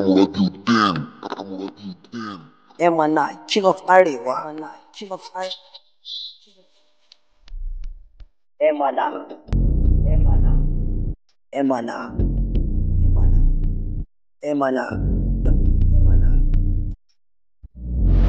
MNI, King of King of Arewa. Emana. Emana. Emana. Emana. Emana.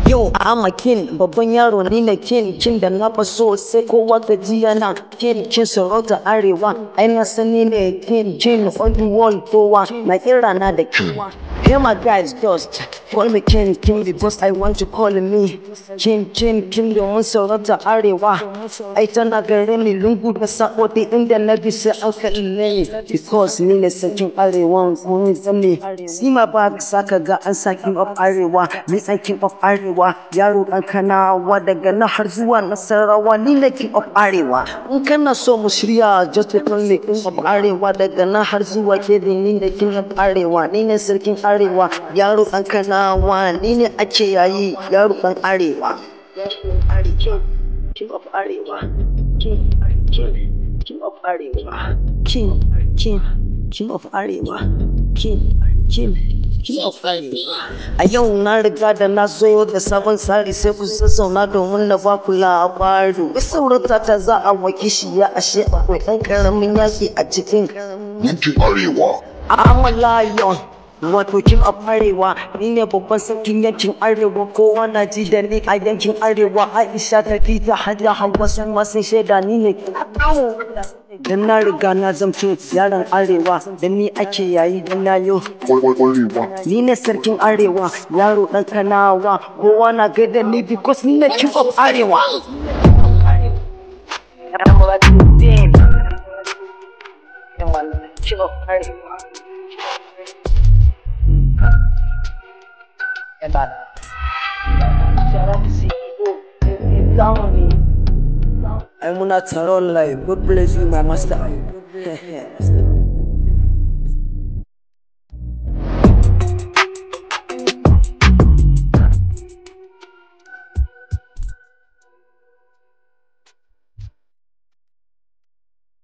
Yau ama kin babban yaro ni na kin kin da na fa so sai kowa ta ji yana kin kin sarauta arewa ai na sani ne kin kin old world kowa na kira na da kiwa. Yeah, my guys, just call me King King because I want you calling me King King King domin saurata arewa. Ai tana gare ni lungu da saboda inda na I sai hankali ne because ni ne sakin arewa kun zanne. Si ma ba saka ga an sakin of arewa, ni sakin of arewa, yaro dan kanawa daga na har zuwa nasarawa ni ne king of arewa. In kana so mu shirya just to call me king of arewa daga na har zuwa ke ni king of arewa, ni ne sarkin arewa. arewa yaro ɗan kanawa ni ne ake yayi yaro ɗan arewa king of arewa king king of arewa king king king of arewa A yau na riga da na zo da sabon tsari sai ku sassauna domin na ba ku labaru. Saurata ta za a waki shi ya ashe akwai ɗan ƙaramin yaki a cikin yankin arewa. I'm a lion. wato kin of arewa ni ne babban sarkin yankin arewa kowa na ji da ni a yankin arewa aisha ta fita hada hawa sun masu shaida ni ne dan na riga na zamto yaron arewa dan ni ake yayi dan na yo ni ne sarkin arewa yaro dan kanawa kowa na da ni because ni ne king of arewa King of Arewa. ẹ̀ta. I'm not a roll like, God bless you, my master.